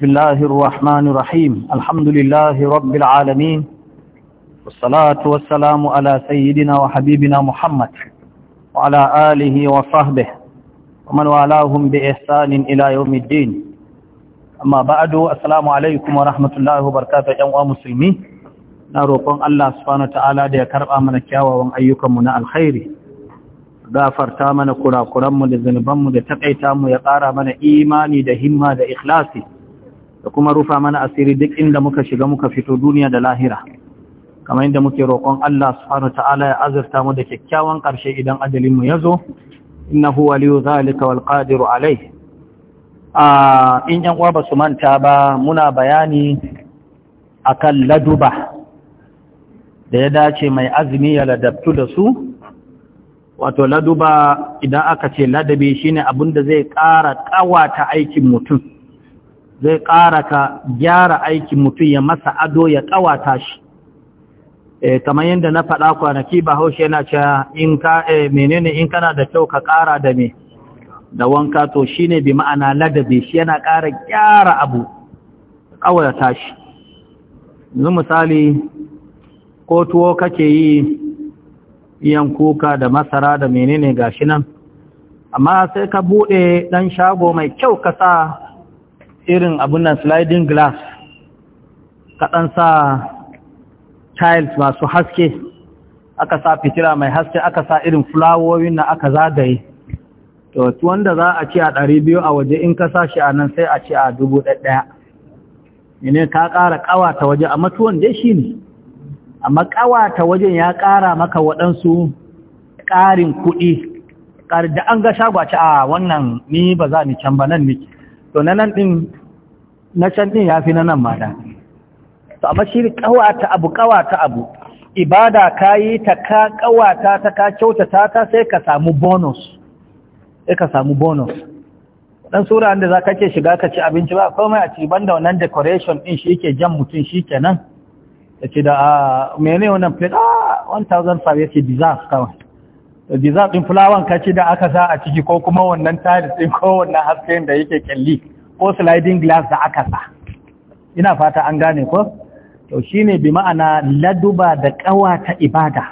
بسم الله الرحمن الرحيم الحمد لله رب العالمين والصلاة والسلام على سيدنا وحبيبنا محمد وعلى آله وصحبه ومن والاهم بإحسان إلى يوم الدين ba'adu assalamu alaikum wa rahmatullahi wa musulmi na roƙon Allah subhanahu ta'ala da ya karɓa mana kyawawan ayyukanmu na alkhairi gafarta mana kurakuranmu da zunubanmu da takaita mu ya ƙara mana imani da himma da ikhlasi da kuma rufa mana asiri duk inda muka shiga muka fito duniya da lahira kamar inda muke roƙon Allah subhanahu ta'ala ya azurta mu da kyakkyawan ƙarshe idan ajalin mu yazo innahu waliyu zalika wal qadiru alayh a in yan uwa ba su manta ba muna bayani akan laduba da ya dace mai azumi ya ladabtu da su wato laduba idan aka ce ladabi shine abin da zai ƙara ƙawata aikin mutum zai ƙara ka gyara aikin mutum ya masa ado ya ƙawata shi eh, kamar yadda na faɗa kwanaki ba haushe yana ce in ka eh, menene in kana da kyau ka ƙara da me da wanka to shi ne bi ma'ana ladabi shi yana ƙara gyara abu ƙawata shi yanzu misali ko tuwo kake yi iyan kuka da masara da menene gashi nan amma sai ka buɗe ɗan shago mai kyau ka sa irin abun nan sliding glass kaɗan sa tiles masu haske aka sa fitila mai haske aka sa irin flowerin na aka zagaye to wanda za a ci a ɗari biyu a waje in ka sa shi a nan sai a ci a dubu ɗaya ne ka ƙara ƙawata waje amma tuwon dai shi ne amma ƙawata wajen ya ƙara maka waɗansu ƙarin kuɗi ƙari da an ga shagwaci a wannan ni ba za ni can ba nan niki to na nan ɗin na can ɗin ya fi na nan ma daɗi to amma shi ƙawata abu ƙawata abu ibada ka yi ta ka ƙawata ta ka kyautata ta sai ka samu bonus sai ka samu bonus dan sura inda za ka ke shiga ka ci abinci ba komai a ci banda wannan decoration ɗin shi ke jan mutum shi kenan ya ce da ah, mene wannan plate ah 1500 ya ce bizarre kawai dessert ɗin fulawan kaci da aka sa a ciki ko kuma wannan tiles ɗin ko wannan hasken da yake kyalli ko sliding glass da aka sa ina fata an gane ko to shi ne bi ma'ana laduba da ta ibada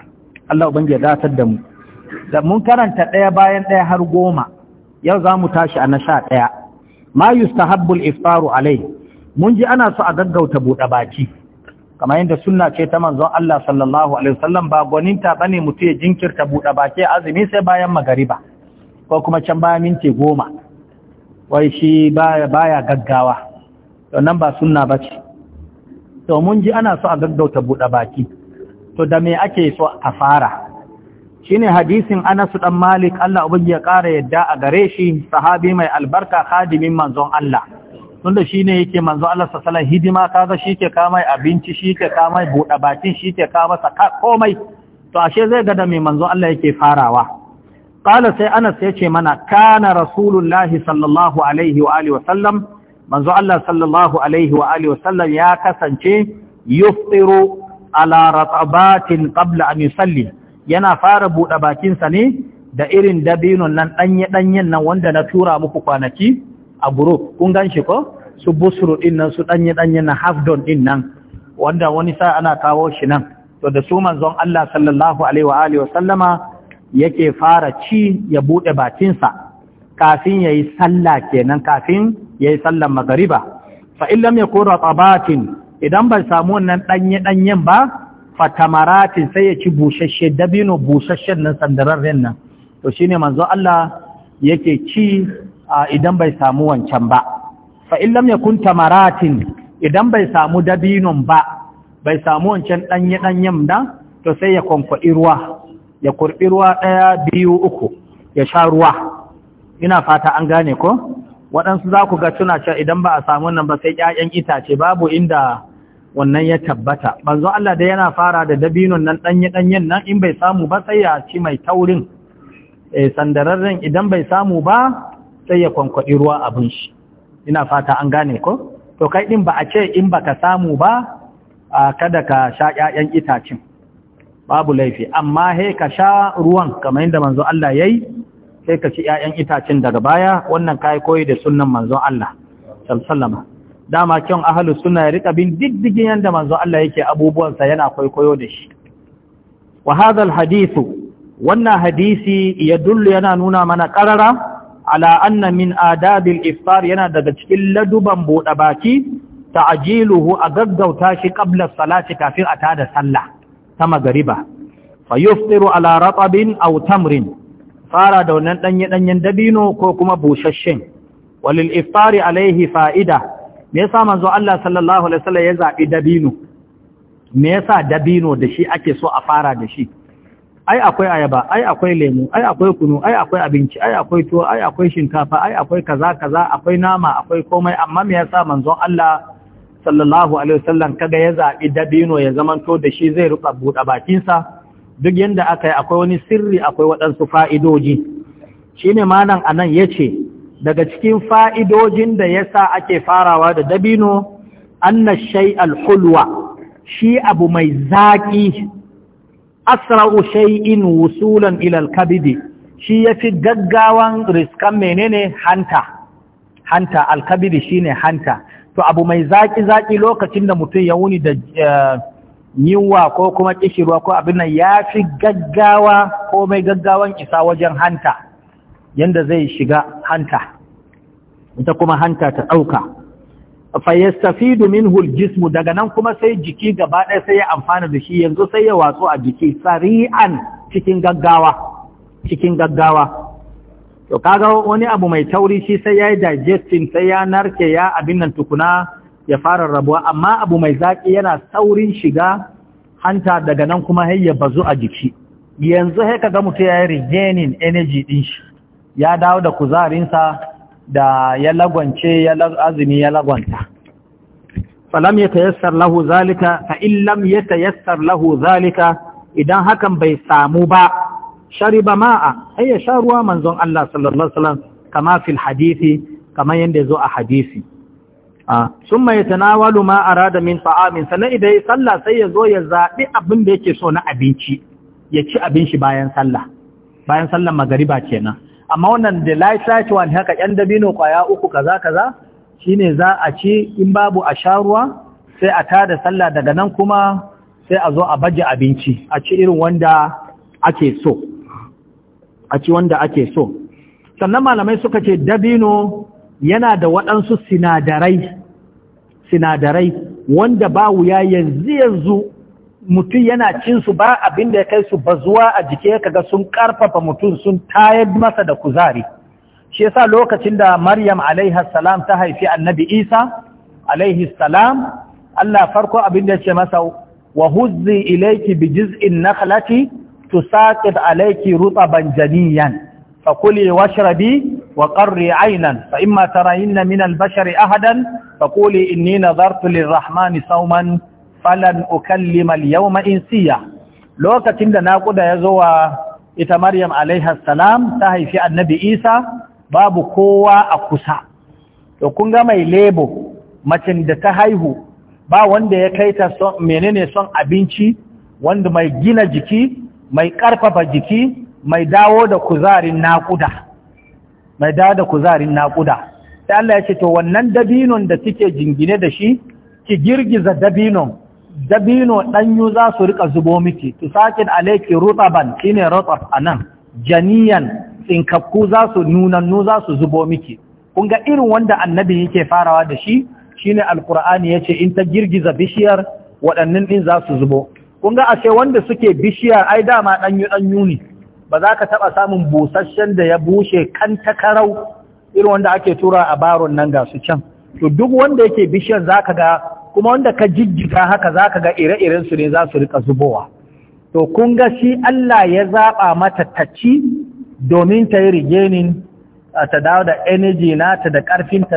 Allah ubangi ya datar da mu da mun karanta ɗaya bayan ɗaya har goma yau za mu tashi a na sha ɗaya ma yustahabbul iftaru alai mun ji ana so a gaggauta buɗe baki kamar yadda sunna ce ta manzon Allah sallallahu alaihi wasallam ba gwaninta bane mutu ya jinkirta buɗe baki azumi sai bayan magariba ko kuma can bayan minti goma wai shi baya gaggawa to nan ba sunna ce. to mun ji ana so a gaggauta buɗe baki to da me ake so a fara Shi ne hadisin su ɗan Malik Allah ubangi ya kara yadda a gare shi sahabi mai albarka khadimin manzon Allah tunda shi ne yake manzo Allah sassalan hidima ka ga shi ke kamai abinci shi ke kamai buɗa bakin shi ke kama saka komai to ashe zai gada mai manzo Allah yake farawa ƙala sai anas ya ce mana kana rasulullahi sallallahu alaihi wa alihi wasallam manzo Allah sallallahu alaihi wa alihi wasallam ya kasance yuftiru ala ratabatin qabla an yusalli yana fara buɗa bakinsa ne da irin dabinon nan ɗanye-ɗanyen nan wanda na tura muku kwanaki a gurup kun gan shi ko su busru din nan su danye danye na hafdon don din nan wanda wani sa ana kawo shi nan to da su manzon Allah sallallahu alaihi wa alihi wasallama yake fara ci ya bude bakinsa kafin yayi sallah kenan kafin yayi sallar magariba fa in lam yakun ratabatin idan bai samu wannan danye danyen ba fa tamaratin sai ya ci busasshe dabino busasshen nan sandararren nan to shine manzon Allah yake ci idan bai samu wancan ba fa illam kun tamaratin idan bai samu dabinon ba bai samu wancan ɗanye ɗanyen nan to sai ya kwankwaɗi ruwa ya kurɓi ruwa ɗaya biyu uku ya sha ruwa ina fata an gane ko waɗansu za ku ga tuna cewa idan ba a samu nan ba sai ƴaƴan itace babu inda wannan ya tabbata manzo Allah dai yana fara da dabinon nan ɗanye ɗanyen nan in bai samu ba sai ya ci mai taurin eh sandararren idan bai samu ba sai ya kwankwaɗi ruwa abin shi ina fata an gane ko to kai ɗin ba a ce in ka samu ba a kada ka sha 'ya'yan itacin babu laifi amma he ka sha ruwan kamar yadda manzo Allah yayi sai ka ci 'ya'yan itacin daga baya wannan kai koyi da sunnan manzo Allah sallallahu dama kyan ahlus sunna ya rika bin diddigin yanda manzo Allah yake abubuwan sa yana kwaikwayo da shi wa hadha wannan hadisi ya dullu yana nuna mana qarara ala anna min adabil iftar yana daga cikin laduban buɗe baki ta'jiluhu a gaggauta shi qabla salati kafin a tada sallah ta magariba fa yuftiru ala ratabin aw tamrin fara da wannan danye danyen dabino ko kuma busashen. walil iffari alaihi fa'ida me yasa manzo Allah sallallahu alaihi wasallam ya zabi dabino me yasa dabino da shi ake so a fara da shi ai akwai ayaba ai akwai lemu ai akwai kunu ai akwai abinci ai akwai tuwo ai akwai shinkafa ai akwai kaza kaza akwai nama akwai komai amma me yasa manzon Allah sallallahu alaihi wasallam kaga ya zabi dabino ya zamanto da shi zai ruka buɗe bakin sa duk yanda akai akwai wani sirri akwai waɗansu fa'idoji shine malam anan yace daga cikin fa'idojin da yasa ake farawa da dabino anna shay'al hulwa shi abu mai zaki asra'u shay'in wusulan ila al shi yafi gaggawan riskan menene hanta hanta al shine hanta to abu mai zaki zaki lokacin da mutum ya wuni da eh, yinwa ko kuma kishirwa ko abin nan yafi gaggawa ko mai gaggawan isa wajen hanta yanda zai shiga hanta ita kuma hanta ta ɗauka. fayastafidu minhu aljismu daga nan kuma sai jiki gaba ɗaya sai ya amfana da shi yanzu sai ya watsu a jiki sari'an cikin gaggawa cikin gaggawa to kaga wani abu mai tauri shi sai yayi digesting sai ya narke ya abin nan tukuna ya fara rabuwa amma abu mai zaki yana saurin shiga hanta daga nan kuma har ya bazu a jiki yanzu sai ga mutum yi regaining energy din shi ya dawo da kuzarinsa da ya lagwance ya azumi ya lagwanta falam ya tayassar lahu zalika fa illam ya tayassar lahu zalika idan hakan bai samu ba shariba ma'a ai ya sha ruwa manzon Allah sallallahu alaihi wasallam kama fil hadisi kama yanda zo a hadisi summa yatanawalu ma arada min ta'amin idan ya sallah sai ya zo ya zaɓi abin da yake so na abinci ya ci abin shi bayan sallah bayan sallar magariba kenan amma wannan da light one haka yan dabino kwaya uku kaza kaza shine za a ci in babu a sha ruwa sai a tada sallah daga nan kuma sai a zo a baje abinci a ci irin wanda ake so a ci wanda ake so sannan malamai suka ce dabino yana da waɗansu sinadarai sinadarai wanda ba wuya yanzu yanzu mutum yana cinsu, ba abin da ya kai su bazuwa a jike kaga sun karfafa mutum sun tayar masa da kuzari shi yasa lokacin da Maryam alaiha salam ta haifi Annabi Isa alaihi salam Allah farko abin da ya ce masa wa huzzi ilayki bi jiz'in nakhlati tusaqit alayki rutaban janiyan fakuli washrabi wa qarri aynan fa imma tarayinna min al-bashari ahadan fakuli inni nadartu lirrahmani sawman falan ukallima al-yawma insiya lokacin da naƙuda ya zo wa ita Maryam alaiha salam ta haifi annabi Isa babu kowa a kusa to kun ga mai lebo macin da ta haihu ba wanda ya kai ta son menene son abinci wanda mai gina jiki mai ƙarfafa jiki mai dawo da kuzarin naƙuda mai dawo da kuzarin naƙuda sai Allah ya ce to wannan dabinon da kike jingine da shi ki girgiza dabinon dabino ɗanyu za su rika zubo miki tusakin alaiki rutaban shine rutab anan janiyan tsinkakku za su nunannu za su zubo miki kun ga irin wanda annabi yake farawa da shi shine alqur'ani yace in ta girgiza bishiyar waɗannan din za su zubo kun ga ashe wanda suke bishiyar ai dama ɗanyu ɗanyu ne ba za ka taɓa samun busasshen da ya bushe kan takarau irin wanda ake tura a baron nan ga su can to duk wanda yake bishiyar za ka ga kuma wanda ka jijjiga haka za ka ga ire-irensu ne za su rika zubowa to kun ga shi Allah ya zaɓa mata ta ci domin ta yi rigenin ta dawo da energy nata da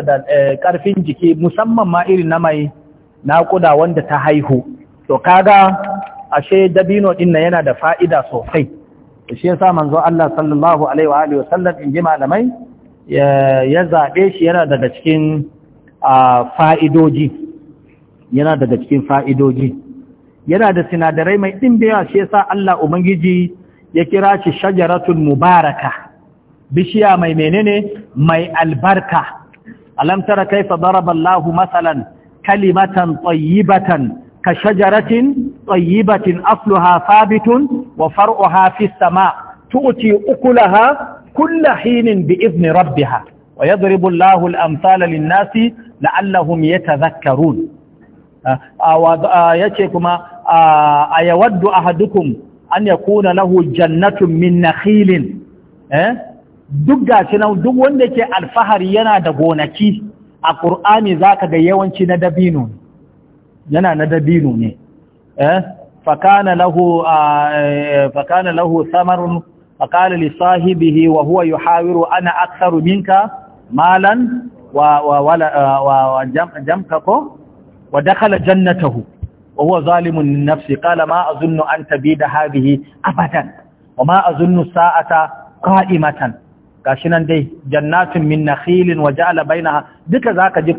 da eh, ƙarfin jiki musamman ma irin na mai naƙuda wanda ta haihu to kaga ashe dabino ɗin yana da fa'ida sosai shi sa manzo Allah sallallahu alaihi wa wasallam in ji malamai ya zaɓe shi yana daga cikin fa'idoji yana daga cikin fa'idoji yana da sinadarai mai ɗimbewa shi yasa Allah Ubangiji ya kira shi shajaratul mubaraka bishiya mai menene mai albarka alamtara kaifa daraba Allah masalan kalimatan tsayibatan, ka shajaratin tayyibatin Afluha, sabitun wa far'uha fis sama tu'ti ukulaha kulla hinin bi izni rabbiha wa yadribu Allahu al-amthala lin-nasi la'allahum yatadhakkarun ya ce kuma a yawaddu ahadukum an ya kuna lahu jannatun min nakhilin eh? duk gashi nan duk wanda ke alfahari yana da gonaki a ƙur'ani za ka ga yawanci na dabino yana na dabino ne eh? fakana eh, lahu samarun fakana lissahibihi wa huwa yuhawiru ana aksaru minka malan wa jamka ko wa dakhala jannatahu wa huwa zalimun li nafsi kala ma azunnu an tabida hadhihi abadan wa ma azunnu sa'ata qa'imatan gashi nan dai jannatin min nakhilin wa ja'ala bainaha duka zaka ji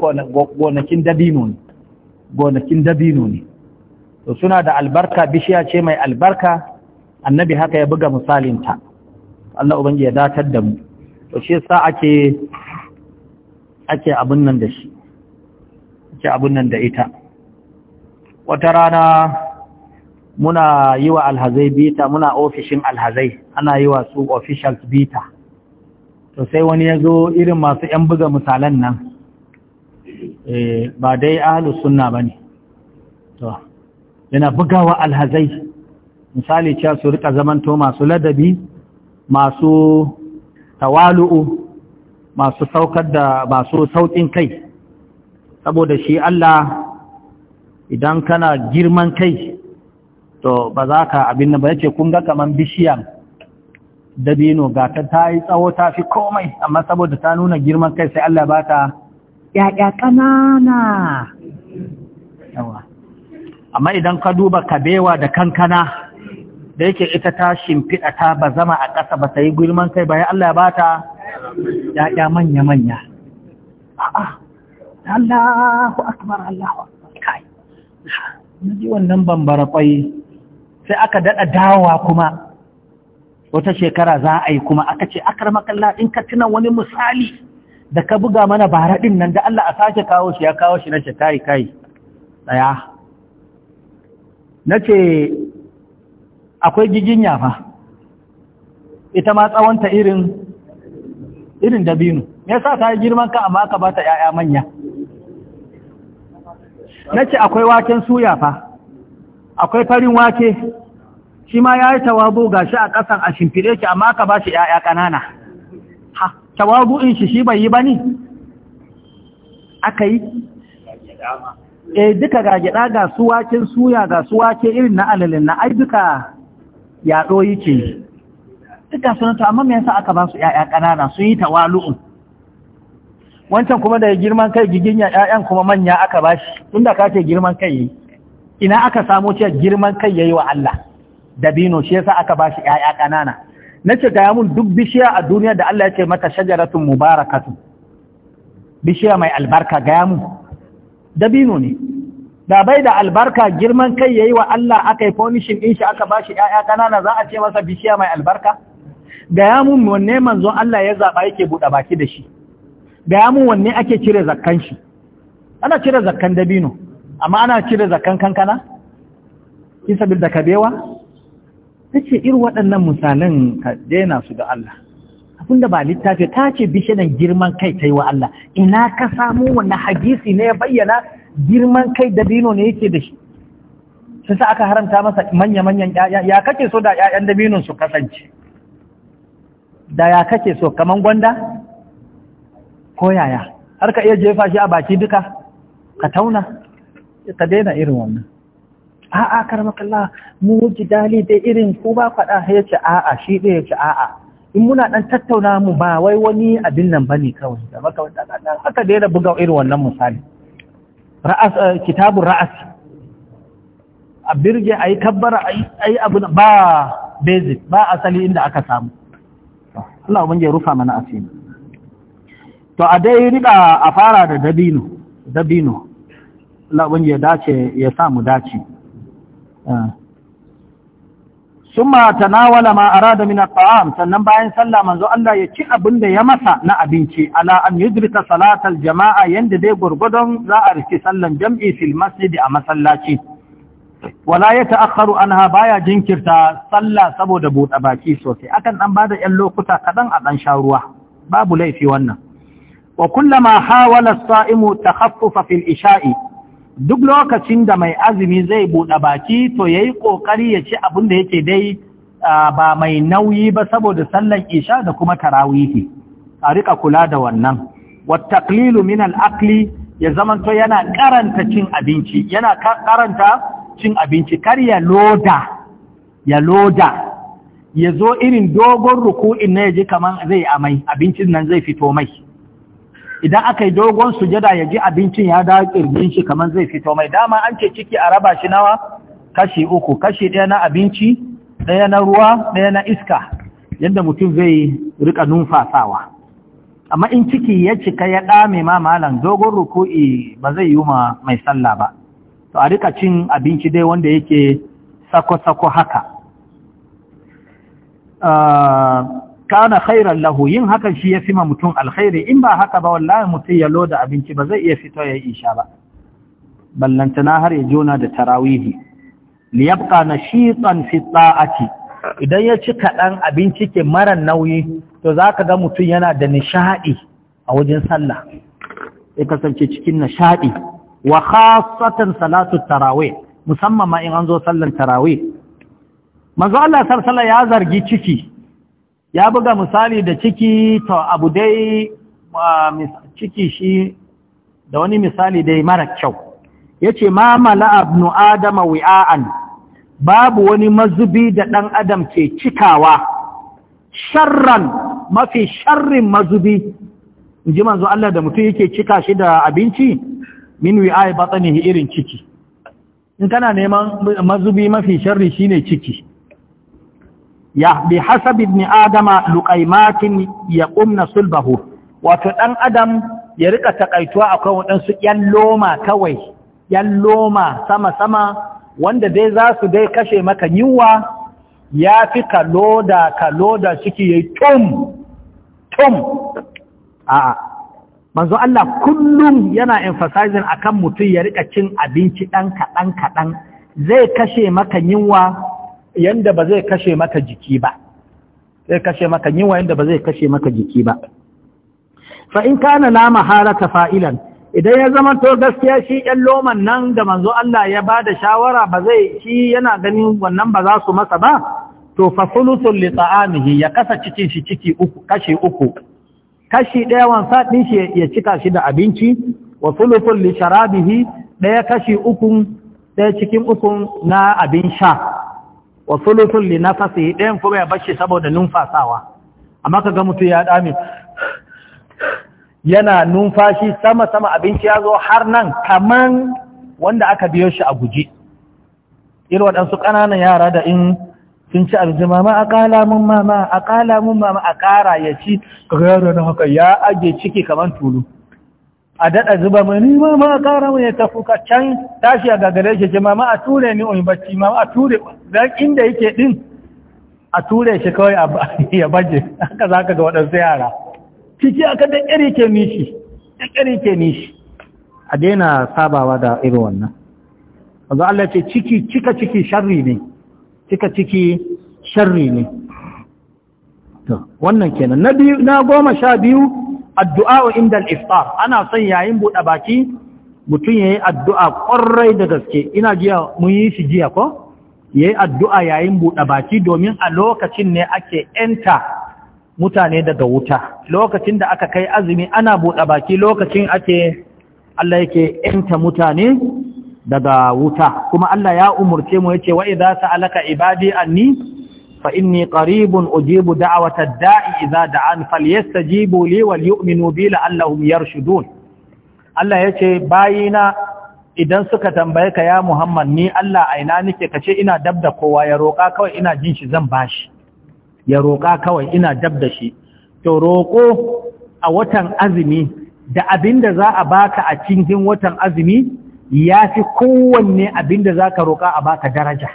gonakin dabino ne gonakin to suna da albarka bishiya ce mai albarka annabi haka ya buga misalin ta Allah ya datar da mu Yaushe shi yasa ake ake abin nan da shi ci abun nan da ita wata rana muna yi wa alhazai bita muna ofishin alhazai ana yi wa su officials bita to sai wani ya zo irin masu 'yan buga misalan nan eh, ba dai ahalus sunna ba ne to yana bugawa alhazai misali cewa su rika zamanto masu ladabi masu tawalu'u masu saukar da masu sauƙin kai saboda shi Allah idan kana girman kai to ba za ka abin ba yake kun ga kaman bishiyan dabino ga ta tayi tsawo ta fi komai amma saboda ta nuna girman kai sai Allah ba ta 'ya'ya kanana amma idan ka duba kabewa da kankana da yake ita ta shimfiɗa ta ba zama a ƙasa ba ta yi girman kai ba ya Allah ya ba ta ‘ya'ya manya-manya. A'a, Allahu akbar Allahu akbar kai ji wannan bambara kwai sai aka daɗa dawa kuma wata shekara za a yi kuma aka ce akarmakalla in ka tuna wani misali da ka buga mana bara din nan da Allah a sake kawo shi ya kawo shi na ce kai kai daya nace akwai giginya fa ita ma tsawonta irin irin dabino me yasa ta yi girman ka amma aka bata 'ya'ya manya na ce akwai waken suya fa akwai farin wake shi ma ya yi tawabu ga shi a ƙasan a shimfiɗe shi amma ka ba shi ‘ya'ya ƙanana ha tawabu in shi shi bai yi ba ne aka yi e duka ga gida ga su waken suya ga su wake irin na alalin na ai duka yaɗo yake duka sunanta amma me yasa aka ba su ‘ya'ya ƙanana sun yi tawalu'un wancan kuma da girman kai ya ƴaƴan kuma manya aka bashi tunda ka ce girman kai yi ina aka samo cewa girman kai yayi wa Allah dabino shi yasa aka bashi ƴaƴa ƙanana nace ga mun duk bishiya a duniya da Allah ya ce mata shajaratun mubarakatu bishiya mai albarka ga mu dabino ne da bai da albarka girman kai yayi wa Allah aka yi punishing din shi aka bashi ƴaƴa ƙanana za a ce masa bishiya mai albarka ga mun wanne manzon Allah ya zaba yake buɗe baki da shi gaya mun wanne ake cire zakkan shi ana cire zakkan dabino amma ana cire zakkan kankana isa bil da kabewa ta ce irin waɗannan misalan ka daina su ga Allah da ba littafi ta ce bishinan girman kai ta yi wa Allah ina ka samu wannan hadisi ne ya bayyana girman kai dabino ne yake da shi sai sa aka haramta masa manya-manyan ya kake so da 'ya'yan dabinon su kasance da ya kake so kamar gwanda ko yaya har ka iya jefa shi a baki duka ka tauna ka daina irin wannan a'a karmakalla mu dali dai irin ku ba faɗa ya ce a'a shi ɗaya ya ce a'a in muna ɗan tattauna mu ba wai wani abin nan ba ne kawai da maka aka daina buga irin wannan misali ra'as eh, kitabun ra'as a birge a yi kabbara a yi abu ba basic ba asali inda aka samu Allah ubangiji ya rufa mana asiri to a dai riƙa a fara da dabino dabino labin ya dace ya samu dace eh. summa tanawala ma arada min at-ta'am sannan bayan sallah manzo Allah ya ci abin da ya masa na abinci ala an yudrika salatar jama'a yadda dai gurgudun za a riki sallan jam'i fil masjid a masallaci wala ya ta'akharu anha baya jinkirta sallah saboda buɗa baki sosai akan ba da yan lokuta kaɗan a ɗan sha ruwa babu laifi wannan wa kullama hawala sa'imu takhaffufa fil isha'i duk lokacin da mai azumi zai buɗe baki to yayi ƙoƙari ya ci abin da yake dai ba mai nauyi ba saboda sallar isha da kuma tarawihi a rika kula da wannan wa taqlilu min al akli ya zamanto yana karanta cin abinci yana karanta cin abinci kar ya loda ya loda ya zo irin dogon ruku'in na yaji kaman zai amai abincin nan zai fito mai idan aka yi dogon sujada ya ji abincin ya dawo ƙirgin shi kamar zai fito mai dama an ce ciki a raba shi nawa kashi uku kashi ɗaya na abinci ɗaya na ruwa ɗaya na iska yadda mutum zai riƙa numfasawa amma in ciki ya cika ya ɗame ma malam dogon ruku'i ba zai yi ma mai sallah ba to a riƙa cin abinci dai wanda yake sako-sako haka ah, kana khairan lahu yin hakan shi ya fi ma mutum alkhairi in ba haka ba wallahi mutum ya loda abinci ba zai iya fito ya yi isha ba ballantana har ya jona da tarawihi yabqa nashitan fi ta'ati idan ya ci kaɗan abinci ke mara nauyi to zaka ga mutum yana da nishaɗi a wajen sallah ya kasance cikin nishaɗi wa khassatan salatu tarawih musamman ma in an zo sallan tarawih manzo Allah sallallahu ya zargi ciki ya buga misali da ciki ta abu dai ciki shi da wani misali dai mara kyau ya ce ma mala abnu adama wi'a'an babu wani mazubi da ɗan adam ke cikawa sharran mafi sharrin mazubi in ji manzo Allah da mutum yake cika shi da abinci min wi'a'i batsanihi irin ciki in kana neman mazubi mafi sharri shine ciki ya bi hasab ibn adama luqaimatin yaqumna sulbahu wato dan adam ya rika takaituwa akwai waɗansu yan loma kawai yan loma sama sama wanda dai za su dai kashe maka yunwa ya fi ka loda ka loda ciki yayi tum tum a'a manzo Allah kullum yana emphasizing akan mutum ya rika cin abinci ɗan kaɗan kaɗan zai kashe maka yunwa yanda ba zai kashe maka jiki ba zai kashe maka yiwa yanda ba zai kashe maka jiki ba fa in kana la maharata fa'ilan idan ya zama to gaskiya shi ɗan loman nan da manzo Allah ya ba da shawara ba zai shi yana ganin wannan ba za su masa ba to fa sulusul li ta'amihi ya kasa cikin shi ciki uku kashi uku kashi ɗaya wansa ɗin shi ya cika shi da abinci wa sulusul li sharabihi ɗaya kashi uku ɗaya cikin uku na abin sha wa sulusun li nafasi ɗayan kuma ya bashi saboda numfasawa amma ka ga mutum ya dami yana numfashi sama sama abinci ya zo har nan kaman wanda aka biyo shi a guje irin waɗansu ƙananan yara da in sun ci abinci mama a ƙala mun mama a ƙala mun mama a ƙara ya ci ka yaro na haka ya ajiye ciki kaman tulu a daɗa zuba mai nima ma a ƙara mai ta fuka can tashi a gagare shi ce ma a ture ni oyi bacci mama a ture zan inda yake ɗin a ture shi kawai ya baje haka za ka ga waɗansu yara ciki aka da ke nishi da ke nishi a daina sabawa da irin wannan wanzu Allah ce ciki cika ciki sharri ne cika ciki sharri ne wannan kenan na goma sha biyu addu'a inda indal ana son yayin buɗa baki mutum ya yi addu'a ƙwarai da gaske ina jiya mun yi shi jiya ko ya yi addu'a yayin buɗa baki domin a lokacin ne ake yanta mutane daga wuta lokacin da aka kai azumi ana buɗa baki lokacin ake Allah yake enta mutane daga wuta kuma Allah ya umurce mu yace za ta alaka ibadi anni فإني قريب أجيب دعوة الداء إذا دعان فليستجيبوا لي وليؤمنوا بي لعلهم يرشدون الله يتي باينا idan suka tambaye ka ya Muhammad ni Allah a ina nake kace ina dab da kowa ya roƙa kawai ina jin shi zan bashi ya roƙa kawai ina dab da shi to roƙo a watan azumi da abinda za a baka a cikin watan azumi ya fi kowanne abinda zaka roƙa a baka daraja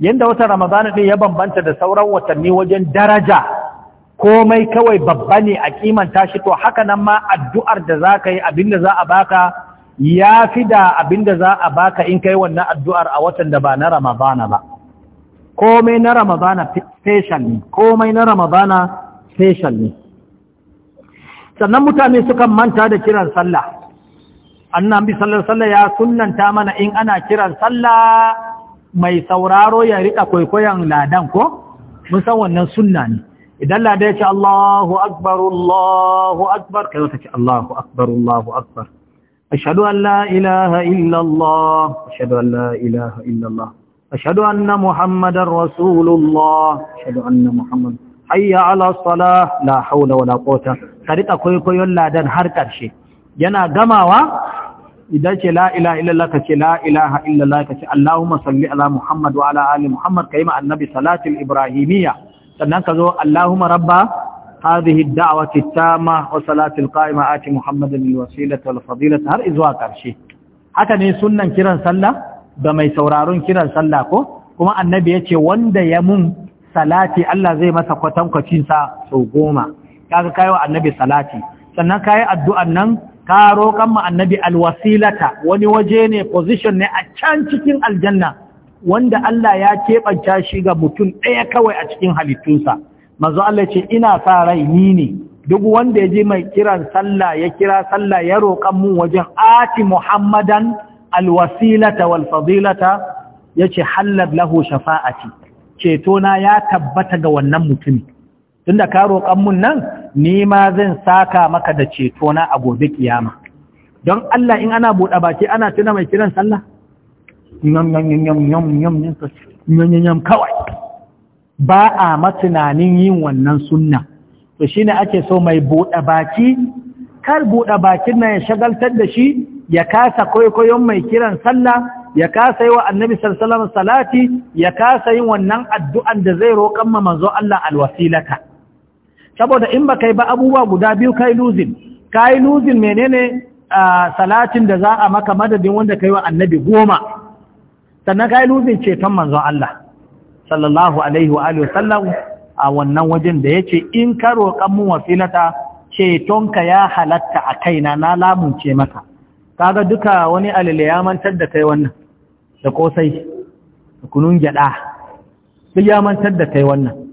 yanda wata ramadana ɗin ya bambanta da sauran watanni wajen daraja komai kawai babba ne a kimanta shi to haka nan ma addu'ar da za ka yi abinda za a baka ya fi da abinda za a baka in kai wannan addu'ar a watan da ba na ramadana ba komai na ramadana special ne komai na ramadana special ne sannan mutane sukan manta da kiran sallah annabi sallallahu alaihi wasallam ya sunnanta mana in ana kiran sallah mai sauraro ya rika kwaikwayon ladan ko mun wannan sunna ne idan lada ya ce Allahu akbar Allahu akbar kai zata ce Allahu akbar Allahu akbar ashhadu an la ilaha illa Allah ashhadu an la ilaha illa Allah ashhadu anna muhammadar rasulullah ashhadu anna muhammad hayya ala salah la hawla wala quwwata ka rika kwaikwayon ladan har ƙarshe. yana gamawa idan ce la ilaha illallah ka ce la ilaha illallah ka ce Allahumma salli ala Muhammad wa ala ali Muhammad yi ma annabi salatul ibrahimiyya sannan ka zo Allahumma rabba hadhihi ad-da'wati wa salatul qa'ima ati Muhammadan al-wasilata wal fadilata har izuwa karshe haka ne sunnan kiran sallah da mai sauraron kiran sallah ko kuma annabi yace wanda ya mun salati Allah zai masa kwatankwacin sa sau goma kaga kai wa annabi salati sannan kai addu'an nan Karo kan annabi alwasilata wani waje ne position ne a can cikin aljanna wanda Allah ya keɓanta shi ga mutum ɗaya kawai a cikin halittunsa manzo Allah ce ina sa rai ni ne duk wanda ya ji mai kiran sallah ya kira sallah ya roƙan mun wajen ati muhammadan alwasilata wal fadilata yace halal lahu shafa'ati ceto na ya tabbata ga wannan mutumin tunda ka roƙan mun nan ni ma zan saka maka da ceto na a gobe kiyama don Allah in ana buɗa baki ana tuna mai kiran sallah Nyam-nyam-nyam! nyam nyam nyam nyam kawai ba a matunanin yin wannan sunna to shine ake so mai buɗa baki kar buɗa bakin nan ya shagaltar da shi ya kasa kwaikwayon mai kiran sallah ya kasa yi wa annabi sallallahu salati ya kasa yin wannan addu'an da zai roƙan ma manzo Allah alwasilata saboda in ba kai ba abubuwa guda biyu kai luzin kai luzin menene salatin da za a maka madadin wanda kai wa annabi goma sannan kai luzin ceton manzon Allah sallallahu alaihi wa alihi sallam a wannan wajen da yace in ka roƙan mu wasilata cetonka ya halatta a kaina na lamunce maka kaga duka wani alile ya mantar da kai wannan da kosai da kunun gyada duk ya mantar da kai wannan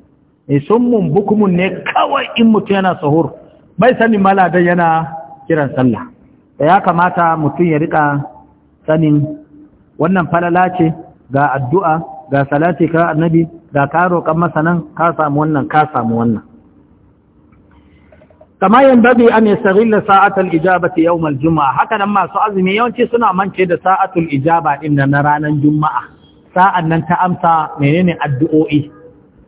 mai summun bukumun ne kawai in mutu yana sahur bai sani malada yana kiran sallah da ya kamata mutum ya rika sanin wannan falala ce ga addu'a ga salati ka annabi ga karo kan masanan ka samu wannan ka samu wannan kama yin babi an yasarilla sa'atul yau mal juma'a haka nan masu azumi yawanci suna mance da sa'atul ijaba din na ranar juma'a sa'an nan ta amsa menene addu'o'i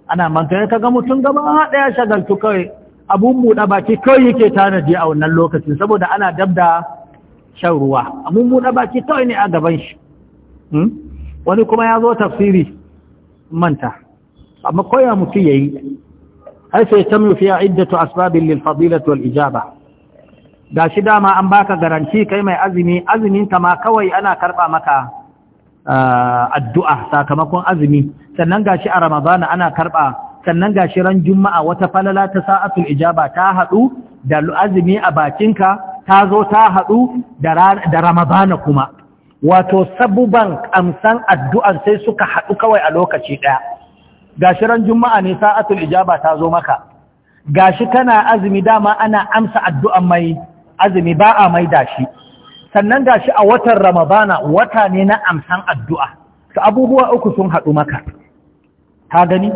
ana ka kaga mutum gaba ɗaya shagaltu kawai abun buɗa baki kawai yake tanadi a wannan lokacin saboda ana dab da shan ruwa abun buɗa baki kawai ne a gaban shi hmm? wani kuma ya zo tafsiri manta amma koya mutum ya yi har sai ta mafi a iddatu asbabin lilfadilatu wal ijaba Da shi dama an baka garanti kai mai azumi azumin ta ma kawai ana karɓa maka addu'a sakamakon azumi sannan gashi a ramadana ana karɓa sannan gashi ran juma'a wata falala ta sa'atul ijaba ta haɗu da azumi a bakinka ta zo ta haɗu da ramadana kuma wato sabuban amsan addu'an sai suka haɗu kawai a lokaci ɗaya gashi ran juma'a ne sa'atul ijaba ta zo maka gashi kana azumi dama ana amsa addu'an mai azumi ba a mai da shi sannan ga shi a watan ramadana wata ne na amsan addu'a su abubuwa uku sun haɗu maka ta gani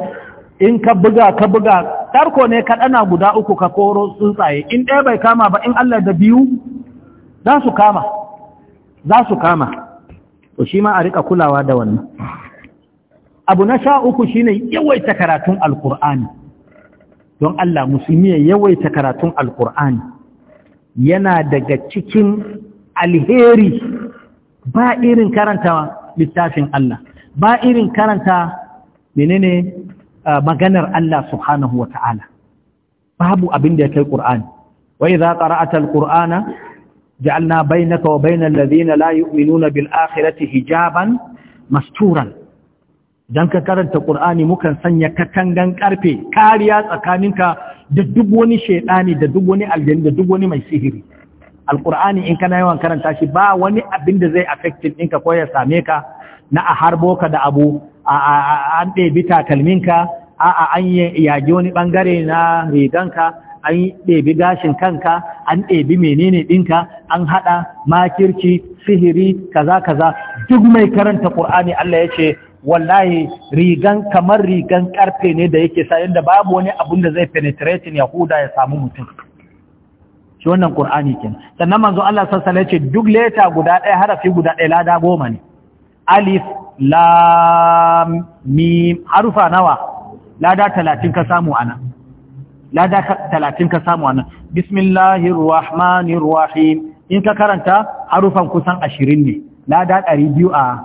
in ka buga ka buga tarko ne ka ɗana guda uku ka koro tsuntsaye in ɗaya bai kama ba in Allah da biyu za su kama za su kama to shi ma a riƙa kulawa da wannan abu na sha uku shine yawaita karatun alur'ani don Allah musulmi yawaita karatun alkur'ani yana daga cikin alheri ba irin karanta littafin Allah ba irin karanta menene ah, maganar Allah subhanahu wa ta'ala babu abin da ya kai Qur'ani wa idza qara'ata al ja'alna bainaka wa bainal ladina la yu'minuna bil akhirati hijaban masturan dan ka karanta Qur'ani mukan sanya katangan karfe kariya tsakaninka da duk wani shedani da duk wani aljanni da duk wani mai sihiri alkur'ani in kana yawan karanta shi ba wani abin da zai affecting ɗinka ko ya same ka na a harbo ka da abu a an ɗebi ka a an yage wani bangare na rigan ka an ɗebi gashin kanka an ɗebi menene ɗinka an haɗa makirci sihiri kaza kaza duk mai karanta ƙur'ani Allah ya ce wallahi rigan kamar rigan ƙarfe ne da yake sa yadda babu wani abun da zai penetrating yahuda ya samu mutum shi wannan qur'ani kenan sannan manzo Allah sallallahu ce, duk leta guda ɗaya harafi guda ɗaya lada goma ne alif lam mim harufa nawa lada talatin ka samu ana lada talatin ka samu ana bismillahir rahmanir rahim in ka karanta harufan kusan ashirin ne lada ɗari biyu a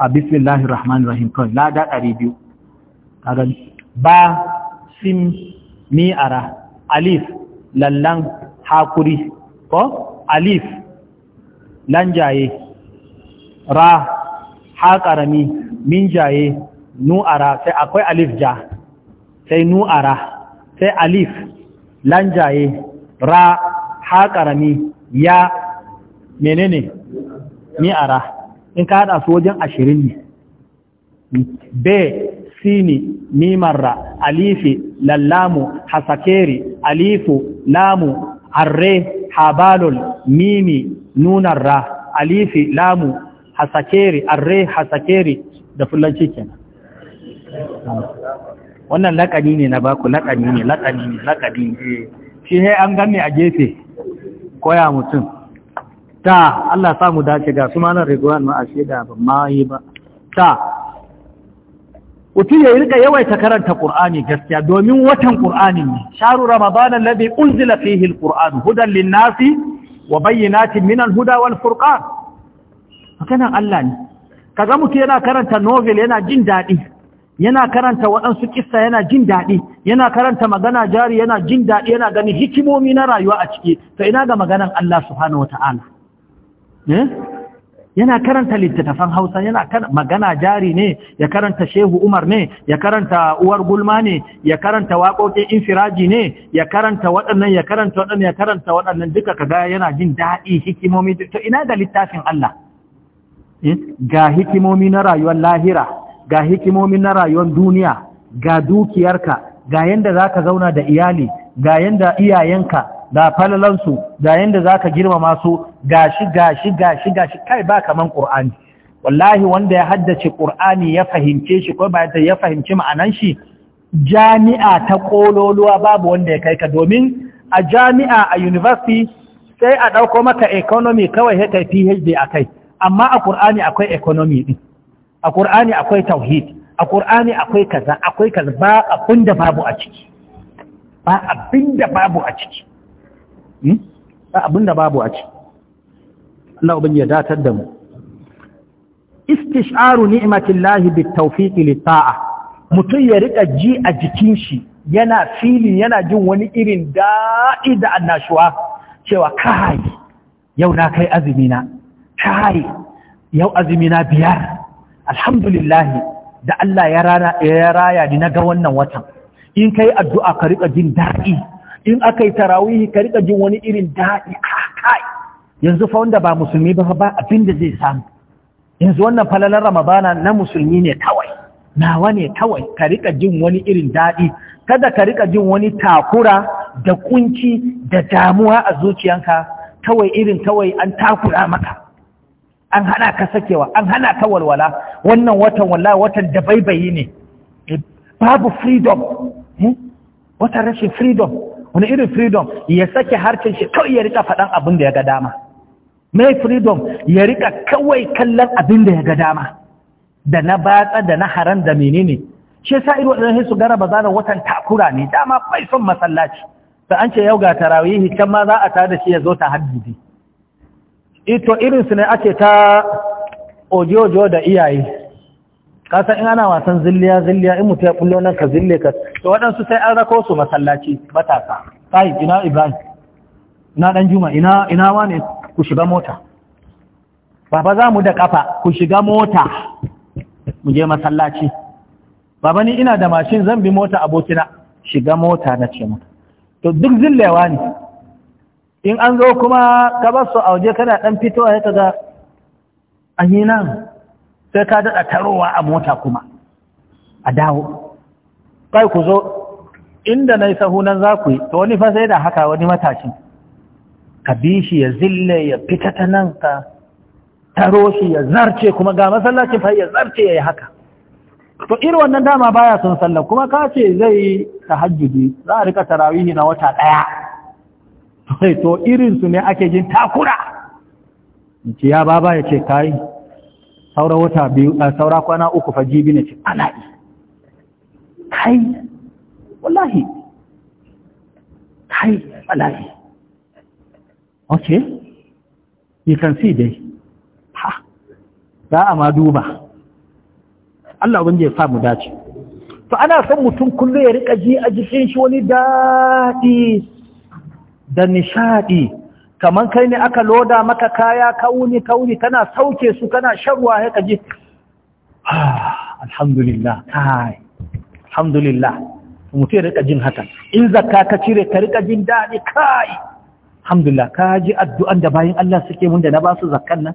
a bismillahir rahmanir rahim kai lada ɗari biyu. ba sim mi ara alif lallan hakuri ko alif jaye ra ha haƙarami min jaye ara sai akwai alif ja sai nu nu'ara sai alif jaye ra ha haƙarami ya menene ara in ka haɗa su wajen ashirin ne be sini nimarra alifi lallamu hasakeri alifu lamu arre habalul mimi nunar ra alifi lamu hasakeri arre hasakeri da fulanci kenan wannan lakani ne na baku lakani ne lakani ne lakani ne shi sai an gane a gefe koya mutum ta Allah samu dace ga su nan riguwan ma a shaida ba ma yi ba ta mutum ya rika yawaita karanta Qur'ani gaskiya domin watan Qur'ani ne sharu ramadan alladhi unzila fihi alquran hudan linnasi wa bayyinatin min al wal-furqan Allah ne kaga mutum yana karanta novel yana jin dadi yana karanta waɗansu kissa yana jin dadi yana karanta magana jari yana jin dadi yana ganin hikimomi na rayuwa a ciki to ina ga maganan Allah subhanahu wataala eh yana karanta littattafan hausa yana magana jari ne ya karanta shehu umar ne ya karanta uwar gulma ne ya karanta waƙoƙin infiraji ne ya karanta waɗannan ya karanta waɗannan ya karanta waɗannan duka ka ga yana jin daɗi hikimomi to ina ga littafin Allah eh, ga hikimomi na rayuwar lahira ga hikimomi na rayuwar duniya ga dukiyarka ga yanda zaka zauna da iyali ga yanda iyayenka da falalansu da yanda za ka girmama su gashi gashi gashi gashi kai ba kaman ƙur'ani wallahi wanda ya haddace ƙur'ani ya fahimce shi ko ba ya fahimci ma'anan shi jami'a ta ƙololuwa babu wanda ya kai ka domin a jami'a a university sai a ɗauko maka economy kawai ya kai phd a kai amma a ƙur'ani akwai economy ɗin a ƙur'ani akwai tauhid a ƙur'ani akwai kaza akwai kaza ba abin babu a ciki ba abin babu a ciki Hmm? abinda babu a ci Allah ubin ya datar da mu istisharu ni'matillahi bitawfiqi lita'a mutum ya riƙa ji a jikin shi yana filin yana jin wani irin daɗi da annashuwa cewa kai yau na kai azumi na kai yau azumi na biyar alhamdulillah da Allah ya rana ya raya ni na ga wannan watan in kai addu'a ka riƙa jin daɗi in aka yi tarawihi ka riƙa jin wani irin daɗi kai yanzu fa wanda ba musulmi ba ba abin da zai samu yanzu wannan falalar ramadana na musulmi ne kawai nawa ne kawai ka riƙa jin wani irin daɗi kada ka riƙa jin wani takura da kunci da damuwa a zuciyanka kawai irin kawai an takura maka an hana ka sakewa an hana ka walwala wannan watan walla watan da baibayi ne babu freedom hmm? watan rashin freedom wani irin freedom ya sake harshen shi kawai ya rika faɗan abin da ya ga dama mai freedom ya rika kawai kallon abin da ya ga dama da na batsa da na haram da menene shi sa irin waɗannan su gara ba za da watan takura ne dama bai son masallaci da an ce yau ga tarawihi can ma za a tada shi ya zo ta haddidi ito irin su ne ake ta ojojo da iyaye kasa in ana wasan zilliya zilliya in mutu ya kullo nan ka zille ka to waɗansu sai an rako su masallaci matasa sai ina ibrahim ina dan juma ina ina wane ku shiga mota baba za mu da kafa ku shiga mota mu je masallaci baba ni ina da mashin zan bi mota abokina shiga mota na ce mata to duk zillewa ne in an zo kuma ka basu a waje kana dan fitowa ya kaga a yi nan sai ka daɗa tarowa a mota kuma a dawo kai ku zo inda na yi sahunan za ku yi to wani fa sai da haka wani matashin ka bi shi ya zille ya fita ta nan ka taro shi ya zarce kuma ga masallacin fa ya zarce ya yi haka to irin wannan dama baya son sallar, kuma ka ce zai tahajjudi za a rika tarawihi na wata ɗaya. sai to irin su ne ake jin takura ce ya baba ya ce kai saura wata biyu a saura kwana uku fa jibi ne ce ala'i kai wallahi kai ala'i Ok, you can see dai ha za a ma duba Allah wanda ya samu dace to ana son mutum kullum ya rika ji a jikin shi wani daɗi da nishaɗi kaman kai ne aka loda maka kaya kauni kauni kana sauke su kana sharwa ah, ya kaji alhamdulillah alhamdulillah mutu ya rika jin haka in zakka ka cire ka rika jin daɗi kai alhamdulillah ka ji addu'an da bayan Allah suke mun da na ba su zakkan nan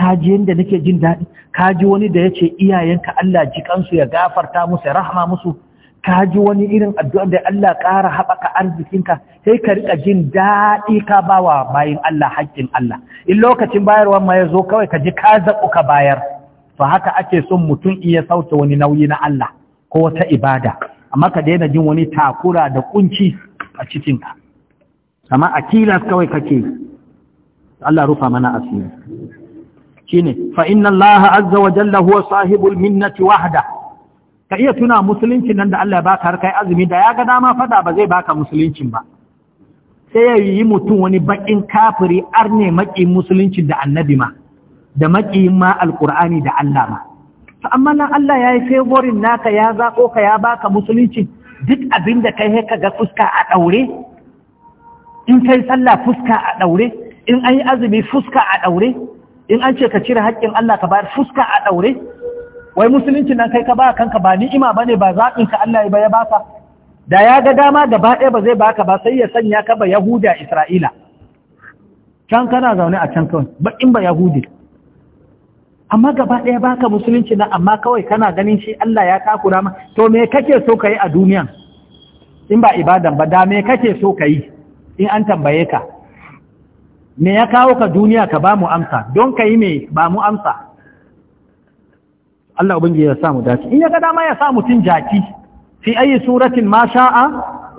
ka ji yanda nake jin daɗi ka ji wani da ya ce iyayenka Allah jikansu ya gafarta musu ya rahama musu ka ji wani irin addu'ar da Allah ƙara haɓaka arzikinka sai ka riƙa jin daɗi ka bawa bayan Allah haƙƙin Allah in lokacin bayarwar ma ya zo kawai ka ji ka zaɓu ka bayar to haka ake son mutum iya sauke wani nauyi na Allah ko wata ibada amma ka daina jin wani takura da kunci a cikinka amma a kilas kawai kake Allah rufa mana asiri shine fa inna Allah azza wa jalla huwa sahibul minnati wahda ka iya tuna musulunci nan da Allah ya baka har kai azumi da ya ga dama fada ba zai baka musuluncin ba sai ya yi mutum wani bakin kafiri arne maki musuluncin da annabi ma da maki ma alƙur'ani da Allah ma amma nan Allah ya yi favorin naka ya zako ka ya baka musulunci duk abin da kai haka ga fuska a ɗaure in kai sallah fuska a ɗaure in an yi azumi fuska a ɗaure in an ce ka cire haƙƙin Allah ka bayar fuska a ɗaure wai musulunci nan kai ka ba kanka ba ni'ima bane ba zaɓin ka Allah ba ya da ya ga dama gaba ɗaya ba zai baka ba sai ya sanya ka ba Yahuda Isra'ila can kana zaune a can kawai ba in ba Yahudi amma gaba ɗaya ba ka musulunci nan amma kawai kana ganin shi Allah ya kakura ma to me kake so ka yi a duniyan in ba ibadan ba da me kake so ka yi in an tambaye ka me ya kawo ka duniya ka ba mu amsa don ka yi me ba mu amsa Allah ubangiji ya samu dace in ya ga dama ya sa mutun jaki fi ayi suratin ma sha'a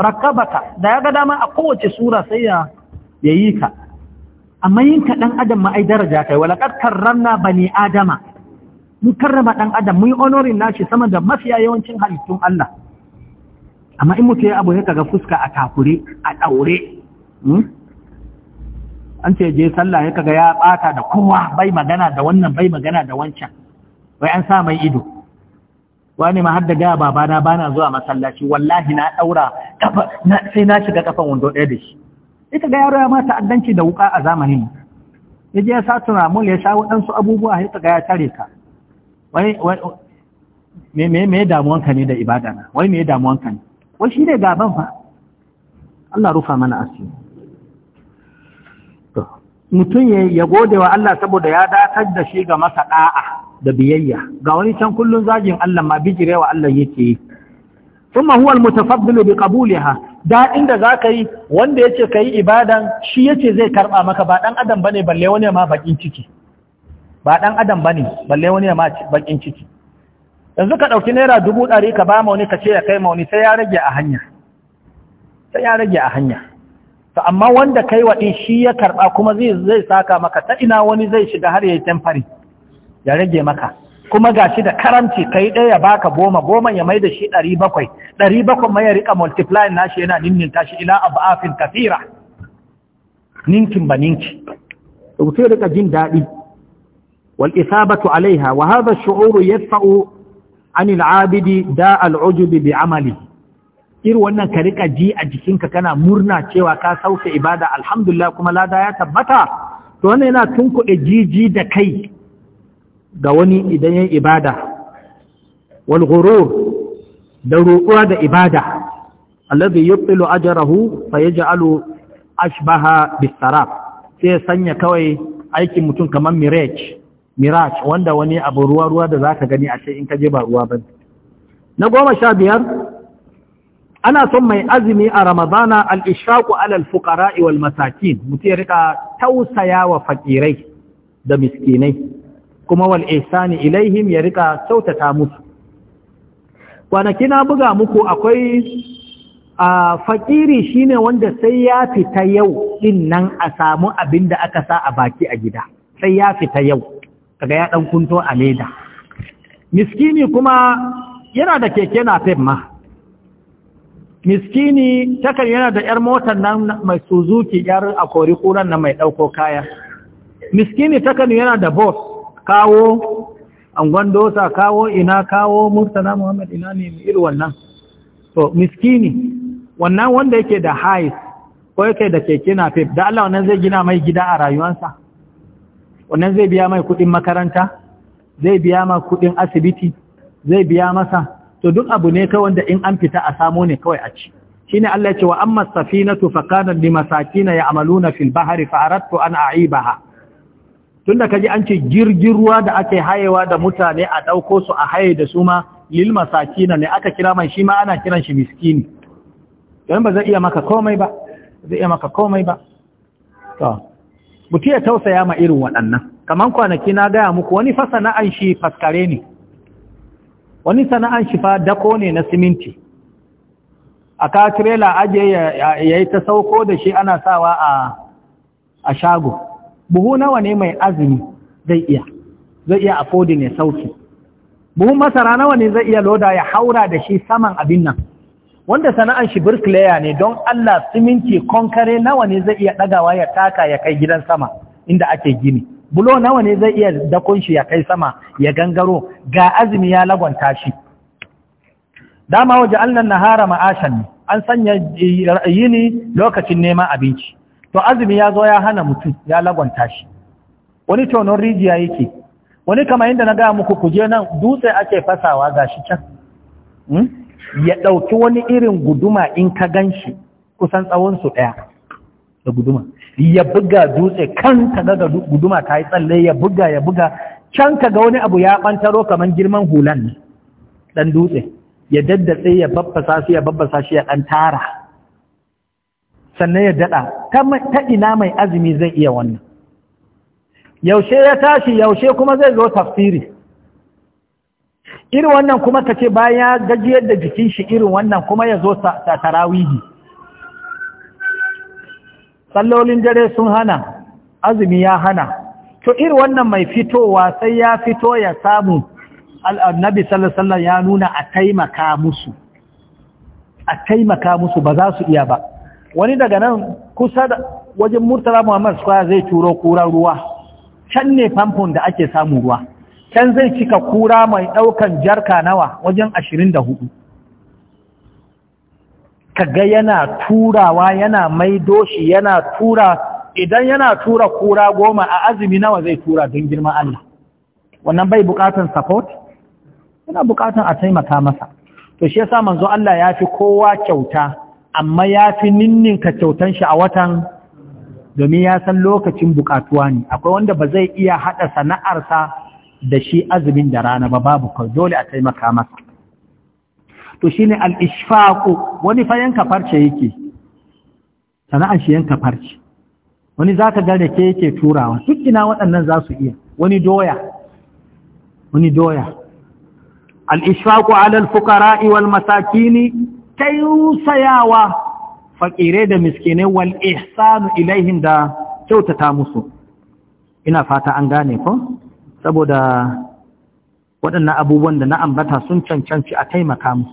rakabaka da ya ga dama a kowace sura sai ya yayi ka amma yin ka dan adam ma ai daraja kai wala ranna karramna bani adama mun karrama dan adam mun honorin nashi sama da mafiya yawancin halittun Allah amma in mutu ya abu ya kaga fuska a takure a daure hmm? an ce je sallah ya kaga ya bata da kowa bai magana da wannan bai magana da wancan wai an sa mai ido wani ma har da gaya babana bana zuwa masallaci wallahi na daura kafa sai na shiga kafan wando ɗaya da shi ita ga yaro ya ma ta'addanci da wuka a zamanin ya je ya sa turamul ya sha waɗansu abubuwa ya ga ya tare ka wai me me me ka ne da ibada na wai me ka ne wai shi ne gaban fa Allah rufa mana asiri mutum ya gode wa Allah saboda ya dakatar da shi ga masa da'a da biyayya ga wani can kullun zagin Allah ma bijirewa Allah yake yi thumma huwa bi biqabuliha da inda zaka yi wanda yace kai ibadan shi yace zai karba maka ba dan adam bane balle wani ma bakin ciki ba dan adam bane balle wani ma bakin ciki yanzu ka dauki naira dubu 100 ka ba ma wani ce ya kai ma wani sai ya rage a hanya sai ya rage a hanya to amma wanda kai wadin shi ya karba kuma zai zai saka maka ta ina wani zai shiga har yayi temporary ya rage maka kuma ga shi da karamci kai ɗaya baka goma goma ya mai da shi ɗari bakwai ɗari bakwai mai ya riƙa multiply na shi yana ninnin shi ila abu afin kafira ninkin ba ninki sai rika jin daɗi wal isabatu alaiha wa haza ash-shu'uru yadfa'u anil 'abidi da al'ujubi bi amali. irin wannan ka riƙa ji a jikinka kana murna cewa ka sauke ibada alhamdulillah kuma lada ya tabbata to wannan yana tunkuɗe jiji da kai da wani idan yin ibada walgurur da roƙuwa da ibada alladhi yubtilu ajrahu fa yaj'alu ashbaha bisarab sai ya sanya kawai aikin mutum kamar mirage mirage wanda wani abu ruwa ruwa da zaka gani a in ka je ba ruwa ba na goma sha biyar ana son mai azumi a ramadana al alal ala al-fuqara wal masakin mutum ya rika tausaya wa fakirai da miskinai kuma wal ihsani ilaihim ya rika kyautata musu kwanaki na buga muku akwai a fakiri shine wanda sai ya fita yau din nan a samu abin da aka sa a baki a gida sai ya fita yau kaga ya dan kunto a leda miskini kuma yana da keke na ma miskini takan yana da ‘yar motar nan mai suzuki ‘yar a kori kuran nan mai ɗauko kaya miskini takan yana da boss kawo angon dosa kawo ina kawo murtala muhammad ina ne iri wannan to miskini wannan wanda yake da hais ko yake da keke napep da Allah wannan zai gina mai gida a rayuwarsa wannan zai biya mai kudin makaranta zai biya ma kudin asibiti zai biya masa to duk abu ne kawai wanda in an fita a samo ne kawai a ci shine Allah ya ce wa amma safinatu fa kana limasakina ya'maluna fil bahri fa aradtu an a'ibaha tunda kaji an ce jirgin ruwa da ake hayewa da mutane a ɗauko su a haye da su ma lil masakina ne aka kira man shi ma ana kiran shi miskini don ba zai iya maka komai ba zai iya maka komai ba to mutu ya tausaya ma irin waɗannan kaman kwanaki na gaya muku wani fa sana'an shi faskare ne wani sana'an shi fa dako ne na siminti a katirela aje ya yi ta sauko da shi ana sawa a shago buhu nawa ne mai azumi zai iya zai iya affordin ne sauki buhun masara nawa ne zai iya loda ya haura da shi saman abin nan wanda sana'an shi bricklayer ne don Allah siminti konkare nawa ne zai iya dagawa ya taka ya kai gidan sama inda ake gini bulo nawa ne zai iya dakon shi ya kai sama ya gangaro ga azumi ya lagwanta shi dama waje allah nahara ma'ashan an sanya yini lokacin neman abinci to azumi ya zo ya hana mutum ya lagwanta shi wani tonon rijiya yake wani kama inda na gaya muku kuje nan dutse ake fasawa ga shi can hmm? ya ɗauki wani irin guduma in ka gan shi kusan tsawonsu ɗaya da guduma ya buga dutse kan ka ga guduma ta yi tsalle ya buga ya buga can ka ga wani abu ya ɓantaro kamar girman hulan ne ɗan dutse ya daddatse ya babbasa su ya babbasa shi ya ɗan tara sannan ya daɗa ta ina mai azumi zai iya wannan yaushe ya tashi yaushe kuma zai zo tafsiri irin wannan kuma ka ce bayan ya gajiyar da jikin shi irin wannan kuma ya zo tarawihi sallolin dare sun hana azumi ya hana to irin wannan mai fitowa sai ya fito ya samu al'annabi sallallahu ya nuna a taimaka musu a taimaka musu ba za su iya ba wani daga nan kusa da wajen murtala muhammad square zai turo kura ruwa can ne famfon da ake samu ruwa can zai cika kura mai ɗaukan jarka nawa wajen ashirin da hudu kaga yana turawa yana maido shi yana tura idan yana tura kura goma a azumi nawa zai tura don girma Allah wannan bai bukatan support yana bukatan a taimaka masa to shi sa manzo Allah ya fi kowa kyauta amma ya fi ka kyautan shi a watan domin ya san lokacin bukatuwa ne akwai wanda ba zai iya haɗa sana'arsa da shi azumin da rana ba babu kai dole a taimaka masa to shi ne al'ishfaƙo wani fa yanka farce yake sana'ar shi yanka farce wani za ka gane ke yake turawa duk ina waɗannan za su iya wani doya wani doya al'ishfaƙo alal fukara'i wal masakini tausayawa fakire da miskinai wal ihsanu ilaihim da kyautata musu ina fata an gane ko saboda waɗannan abubuwan da na ambata sun cancanci a taimaka musu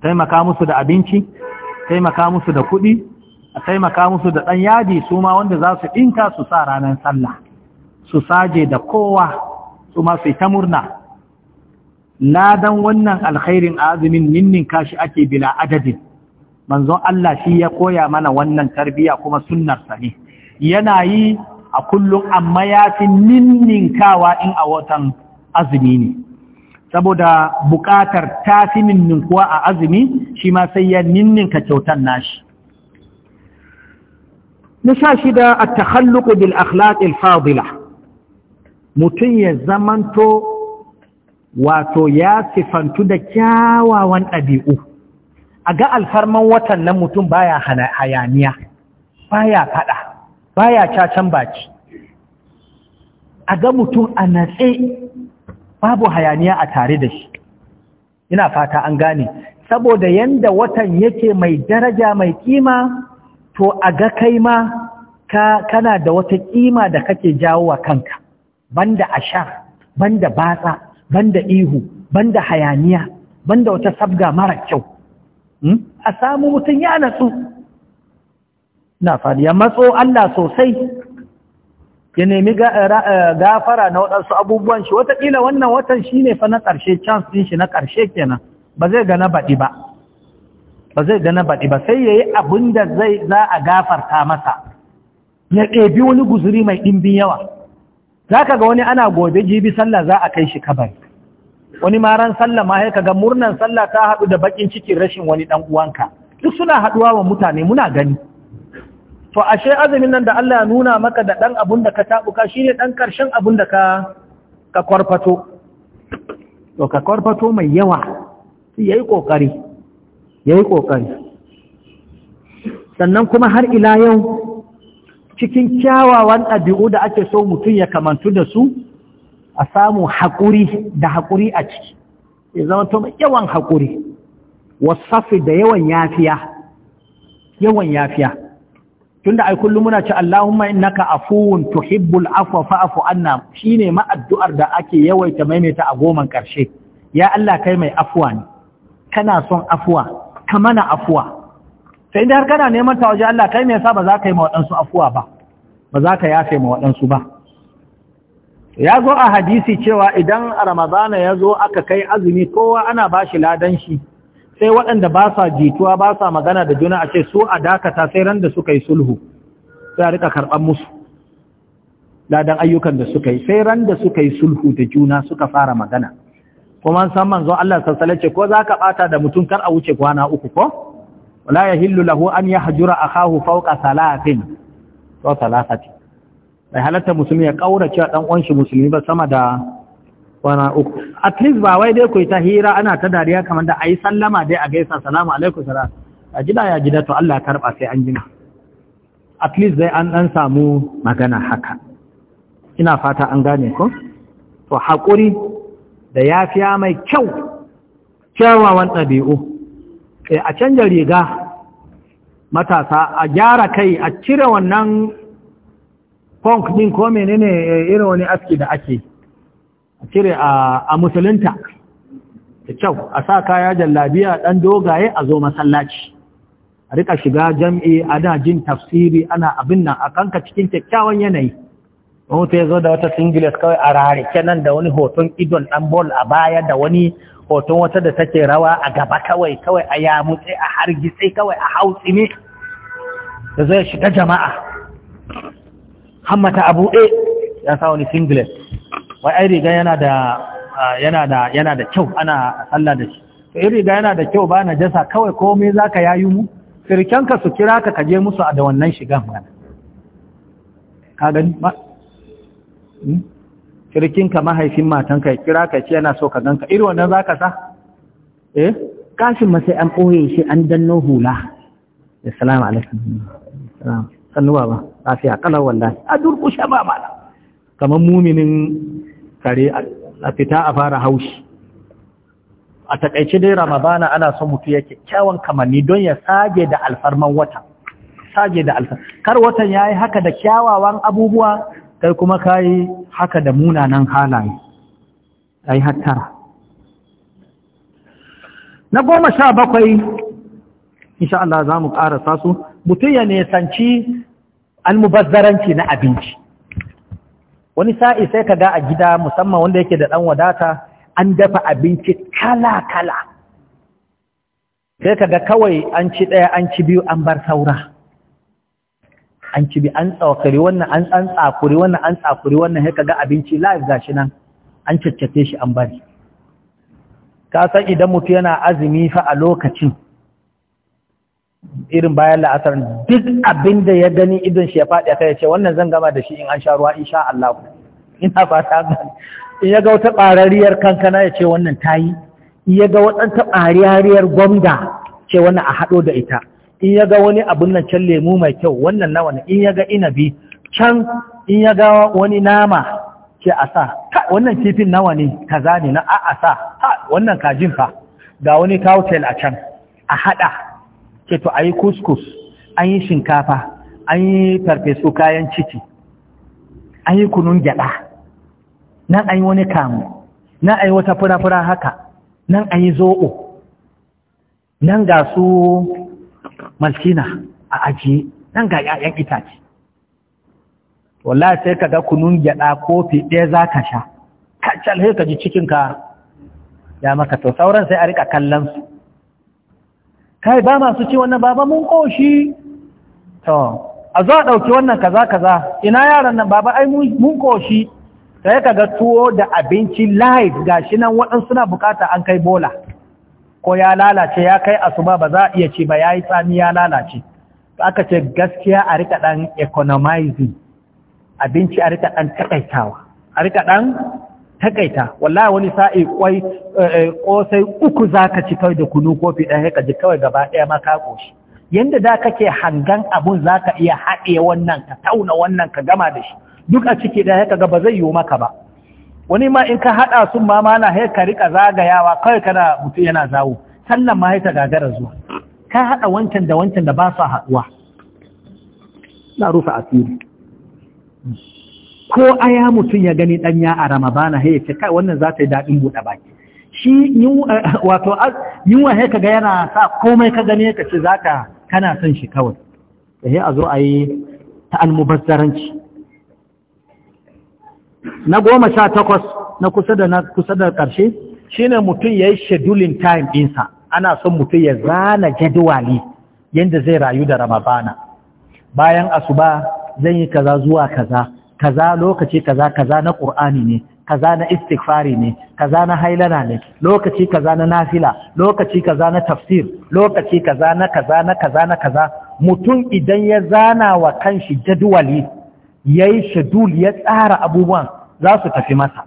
taimaka musu da abinci taimaka musu da kuɗi a taimaka musu da ɗan yadi su ma wanda za su ɗinka su sa ranar sallah su saje da kowa su ma su yi ta murna ladan wannan alkhairin azumin ninnin kashi ake bila adadin manzon Allah shi ya koya mana wannan tarbiya kuma sunnarsa ne yana yi a kullum amma ya fi kawa in a watan azumi ne saboda bukatar ta fi kuwa a azumi shi ma sai ya ninninka kyautan nashi na sha shida a takhalluku bil akhlaq al fadila mutum ya zamanto wato ya sifantu da kyawawan ɗabi'u a ga alfarman watan nan mutum baya hayaniya baya faɗa baya cacan baki a ga mutum a natse babu hayaniya a tare da shi ina fata an gane saboda yanda watan yake mai daraja mai kima to a ga kai ma ka kana da wata kima da kake jawo wa kanka banda ashar banda batsa banda ihu banda hayaniya banda wata sabga mara kyau hmm? a samu mutum ya natsu na faɗi ya matso Allah sosai ya nemi eh, eh, gafara na waɗansu abubuwan shi watakila wannan watan shi ne fa na ƙarshe chance ɗin shi na ƙarshe kenan ba zai gana baɗi ba ba zai gana baɗi ba sai ya yi abin da zai za a gafarta masa ya ɗebi wani guzuri mai ɗimbin yawa za ka ga wani ana gobe jibi sallah za a kai shi kabar. wani maran sallah ma ya kaga murnan sallah ta haɗu da bakin cikin rashin wani ɗan uwanka duk suna haɗuwa wa mutane muna gani to ashe azumin nan da Allah ya nuna maka da ɗan abun da ka tabuka shi ne ɗan ƙarshen abun da ka ka kwarfato to ka kwarfato mai yawa ya kokari, ƙoƙari ya sannan kuma har ila yau cikin kyawawan ɗabi'u da ake so mutum ya kamantu da su a samu haƙuri da haƙuri a ciki ya zama to yawan haƙuri wasafi da yawan yafiya yawan yafiya tunda ai kullum muna ci, Allahumma innaka afuwun tuhibbul afwa fa'fu anna shine ma addu'ar da ake yawaita maimaita a goman karshe ya Allah kai mai afuwa ne kana son afwa ka mana afwa sai inda har kana neman ta waje Allah kai me yasa ba za ka yi ma waɗansu afuwa ba ba za ka yafe ma waɗansu ba ya zo a hadisi cewa idan a ramadana ya zo aka kai azumi kowa ana ba shi ladan shi sai waɗanda ba sa jituwa ba sa magana da juna a ce su a dakata sai ran da suka yi sulhu sai a rika karɓar musu ladan ayyukan da suka yi sai ran da suka yi sulhu da juna suka fara magana kuma san manzo Allah sassale ce ko za ka ɓata da mutum kar a wuce kwana uku ko wala yahillu lahu an yahjura akahu fawqa salatin to salasati bai halatta musulmi ya kaurace dan uwan shi musulmi ba sama da kwana uku at least ba wai dai ku ta hira ana ta dariya kamar da ayi sallama dai a gaisa salamu alaikum salam a gida ya gida to Allah ya karba sai an gina. at least dai an dan samu magana haka ina fata an gane ko to haƙuri da yafiya mai kyau kyawawan ɗabi'u Eh, a canja riga matasa a gyara kai a cire wannan punk din ko menene eh, irin wani aski da ake a cire a musulunta da kyau a sa kaya jallabiya dan dogaye a zo masallaci a rika shiga jam'i ana jin tafsiri ana abin nan a kanka cikin kyakkyawan yanayi mutu ya zo da wata singlet kawai a rarike nan da wani hoton idon ɗan bol a baya da wani hoton wata da take rawa a gaba kawai kawai a sai a hargitse kawai a hautsi ne da zai shiga jama'a hammata a ɗe ya sa wani singlet wai ai riga yana da yana da yana da kyau ana sallah da shi to ai riga yana da kyau ba jasa kawai komai zaka yayu mu firkenka su kira ka kaje musu a da wannan shigan ka gani kirkinka hmm? mahaifin matanka ya kira ka ce yana so ka ganka irin wannan za ka sa eh kashin masai an ɓoye shi an danno hula da salamu alaikum sannu ba ba a fi akalar wanda a durkusha ba mala kamar muminin kare a fita a fara haushi a takaice dai ramadana ana son mutu ya kyakkyawan kamanni don ya sage da alfarman wata sage da alfarman kar watan ya yi haka da kyawawan abubuwa kai kuma ka haka da munanan halaye a yi hattara na goma sha bakwai insha Allah za mu ƙarasa su mutum ya nesanci almubazzaranci na abinci wani sa'i sai kaga a gida musamman wanda yake da ɗan wadata an dafa abinci kala-kala sai ka kawai an ci ɗaya an ci biyu an bar saura an ci bi an tsakuri wannan an tsan tsakuri wannan an tsakuri wannan haka ga abinci live gashi nan an caccafe shi an bari ka san idan mutu yana azumi fa a lokacin irin bayan la'asar duk abin da ya gani idon shi ya faɗi a ce wannan zan gama da shi in an sha ruwa insha Allah ina fata gani in ya ga wata ɓarariyar kankana ya ce wannan ta yi in ya ga wata ɓarariyar gwamda ce wannan a haɗo da ita in ya ga wani abin nan can lemu mai kyau wannan nawa ne in ya ga inabi can in ya ga wani nama ce a sa wannan kifin nawa ne kaza ne na a sa wannan kajin fa ga wani tawtel a can a hada ce to a yi kuskus an yi shinkafa an yi farfesu kayan ciki an yi kunun gyada nan an yi wani kamu nan an yi wata fura-fura haka nan an yi zo'o nan ga su maltina a ajiye nan ga 'ya'yan itace wallahi sai ka ga kunun gyaɗa kofi ɗaya za ka sha kacal sai ka ji cikinka ya maka to sauran sai a riƙa kallon su kai ba masu ci wannan baba mun ƙoshi to a zo a ɗauki wannan kaza kaza ina yaran nan baba ai mun ƙoshi sai ka ga tuwo da abinci live shi nan waɗansu na bukata an kai bola ko ya lalace ya kai asuba ba za a iya ci ba ya yi tsami ya lalace aka ce gaskiya a rika ɗan economizing abinci a rika ɗan takaitawa a rika ɗan takaita wallahi wani sa'i kwai kosai eh, eh, uku ka ci kawai da kunu kofi ɗan haka ji kawai gaba ɗaya ma ka ƙoshi yanda da kake hangan abun ka iya haɗe wannan ka tauna wannan ka gama da shi duk a ciki ɗaya haika ga ba zai yiwu maka ba wani ma in ka haɗa sun ma mana sai ka rika zagayawa kawai kana mutum yana zawo sannan ma sai ta gagara zuwa ka haɗa wancan da wancan da ba sa haɗuwa na rufe asiri ko aya mutum ya gani ɗanya a ramabana sai ya ce kai wannan za ta yi daɗin buɗe baki shi wato wa sai ka ga yana sa komai ka gani ka ce za ka kana son shi kawai sai a zo a yi ta almubazzaranci na goma sha takwas na kusa da na kusa da ƙarshe shine mutum ya yi shedulin time ɗinsa ana son mutum ya zana jadawali yadda zai rayu da ramadana bayan asuba zan yi kaza zuwa kaza kaza lokaci kaza kaza na ƙur'ani ne kaza na istighfari ne kaza na hailana ne lokaci kaza na nafila lokaci kaza na tafsir lokaci kaza na kaza na kaza na kaza mutum idan ya zana wa kanshi jadwali ya yi shadul ya tsara abubuwan za su tafi masa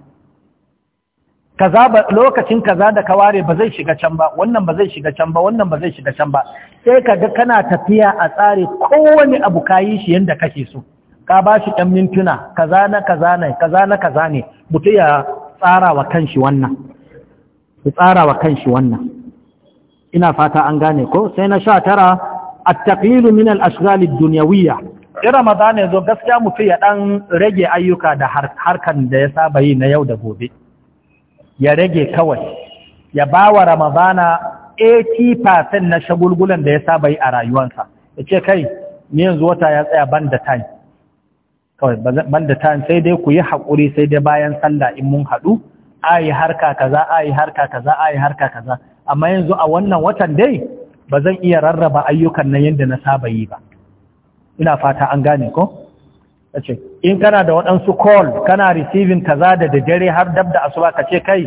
lokacin kaza da ka ware ba zai shiga can ba wannan ba zai shiga can ba wannan ba zai shiga can ba sai ka ga kana tafiya a tsare kowane abu ka yi shi yadda kake so ka ba shi ɗan mintuna kaza na kaza ne kaza na kaza ne mutu ya tsara wa kanshi wannan ya tsara wa shi wannan ina fata an gane ko sai na sha tara at-taqlilu min al-ashghal ad-dunyawiyya in ramadan ya zo gaskiya mutum ya ɗan rage ayyuka da harkan da ya saba yi na yau da gobe ya rage kawai ya ba wa ramadana 80% na shagulgulan da ya saba yi a rayuwansa, ya ce kai ni yanzu wata ya tsaya ban da time kawai ban da time sai dai ku yi haƙuri sai dai bayan sallah in mun haɗu a yi harka kaza a yi harka kaza a yi harka kaza amma yanzu a wannan watan dai ba zan iya rarraba ayyukan na yadda na saba yi ba ina fata an gane ko ce in kana da waɗansu call kana receiving kaza da dare har dab da asuba kace kai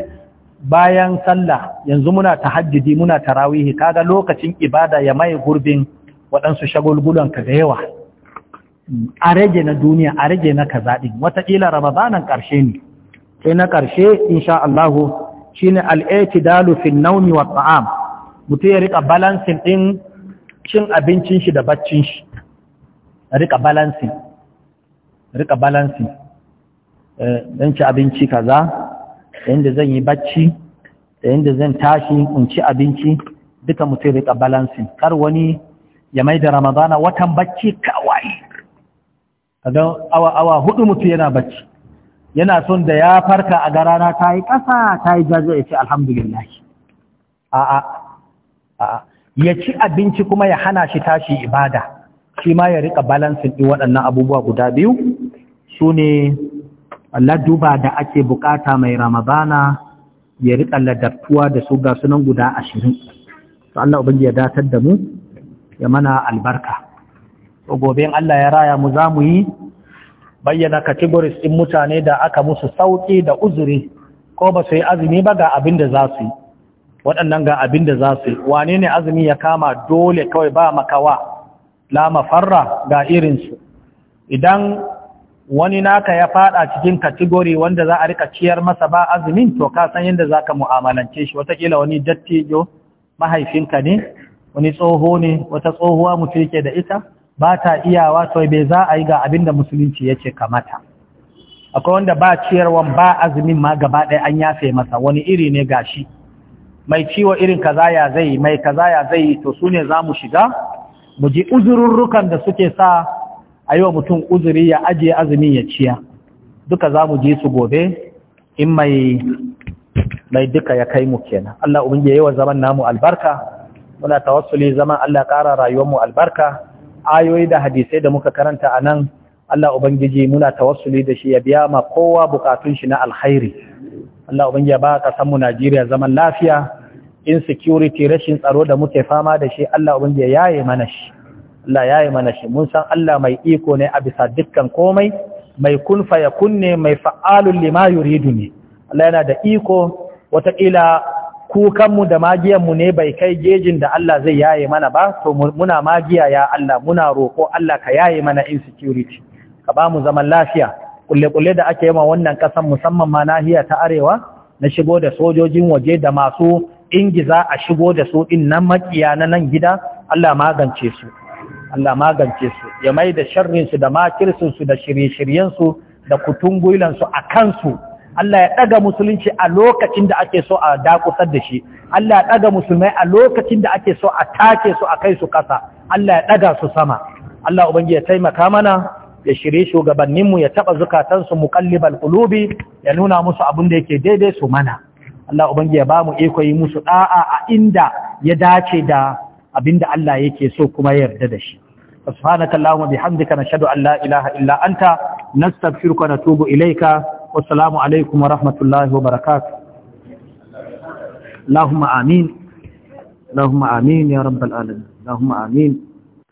bayan sallah yanzu muna tahajjudi muna tarawihi kaga lokacin ibada ya mai gurbin waɗansu shagulgulan ka da yawa a rage na duniya a rage na kaza din kila ramadanan karshe ne sai na karshe insha Allah shine al-i'tidalu fi an-nawmi wa taam mutum ya rika balancing din cin abincin shi da baccin shi rika balancing rika balancing dan eh, ci abinci kaza yadda zan yi bacci da yadda zan tashi in ci abinci duka mutum rika balancing kar wani ya mai da ramadana watan bacci kawai kaga awa awa hudu mutum yana bacci yana son da ya farka a garana ta yi ƙasa ta yi jajo ya ce alhamdulillah a'a a'a ya ci abinci kuma ya hana shi tashi ibada shi ma ya riƙa balansin ɗin waɗannan abubuwa guda biyu su ne laduba da ake buƙata mai ramadana ya riƙa ladattuwa da su ga sunan guda ashirin su Allah ubangi ya datar da mu ya mana albarka to gobe Allah ya raya mu za mu yi bayyana categories ɗin mutane da aka musu sauƙi da uzuri ko ba su yi azumi ba ga abin da za su yi waɗannan ga abin da za su yi wane ne azumi ya kama dole kawai ba makawa la mafarra ga irinsu idan wani naka ya fada cikin kategori wanda za a rika ciyar masa ba azumin to ka san yadda za ka mu'amalance shi watakila wani dattijo mahaifinka ne wani tsoho ne wata tsohuwa mutu yake da ita ba ta iyawa to bai za a yi ga abin da musulunci ya ce kamata akwai wanda ba ciyarwan ba azumin ma gaba ɗaya an yafe masa wani iri ne gashi mai ciwo irin kaza ya zai mai kaza ya zai to su ne za mu shiga mu ji uzururrukan da suke sa a yi wa mutum uzuri ya ajiye azumi ya ciya duka za mu ji su gobe in mai mai duka ya kai mu kenan Allah ubangiji yayi wa zaman namu albarka muna tawassuli zaman Allah ƙara rayuwar mu albarka ayoyi da hadisai da muka karanta anan Allah ubangiji muna tawassuli da shi ya biya ma kowa bukatun shi na alkhairi Allah ubangiji ya ba ka san mu Najeriya zaman lafiya insecurity rashin tsaro da muke fama da shi Allah ubangi ya yaye mana shi Allah yaye mana shi mun san Allah mai iko ne a bisa dukkan komai mai kun fa kunne mai fa'alun lima yuridu ne Allah yana da iko wataƙila kukanmu da magiyanmu ne bai kai gejin da Allah zai yaye mana ba to muna magiya ya Allah muna roko Allah ka yaye mana insecurity ka ba mu zaman lafiya kulle-kulle da ake yi wa wannan ƙasan musamman ma nahiya ta arewa na shigo da sojojin waje da masu ingiza a shigo da su in nan makiya na nan gida Allah magance su Allah magance su ya mai da sharrin da makirsin da shirye shiryensu da kutungulan su a kansu. Allah ya ɗaga musulunci a lokacin da ake so a dakusar da shi Allah ya ɗaga musulmai a lokacin da ake so a take su a kai su kasa Allah ya ɗaga su sama Allah ubangiji ya taimaka mana ya shirye shugabanninmu ya taɓa zukatansu muƙallibar ƙulubi ya nuna musu abin da yake daidai su mana. Allah ubangi ya mu iko yi musu da'a a inda ya dace da abinda Allah yake so kuma yarda da shi subhanaka allahumma bihamdika nashhadu an la ilaha illa anta nastaghfiruka wa natubu ilayka wassalamu alaikum wa rahmatullahi wa barakatuh اللهم آمين اللهم آمين ya رب العالمين اللهم آمين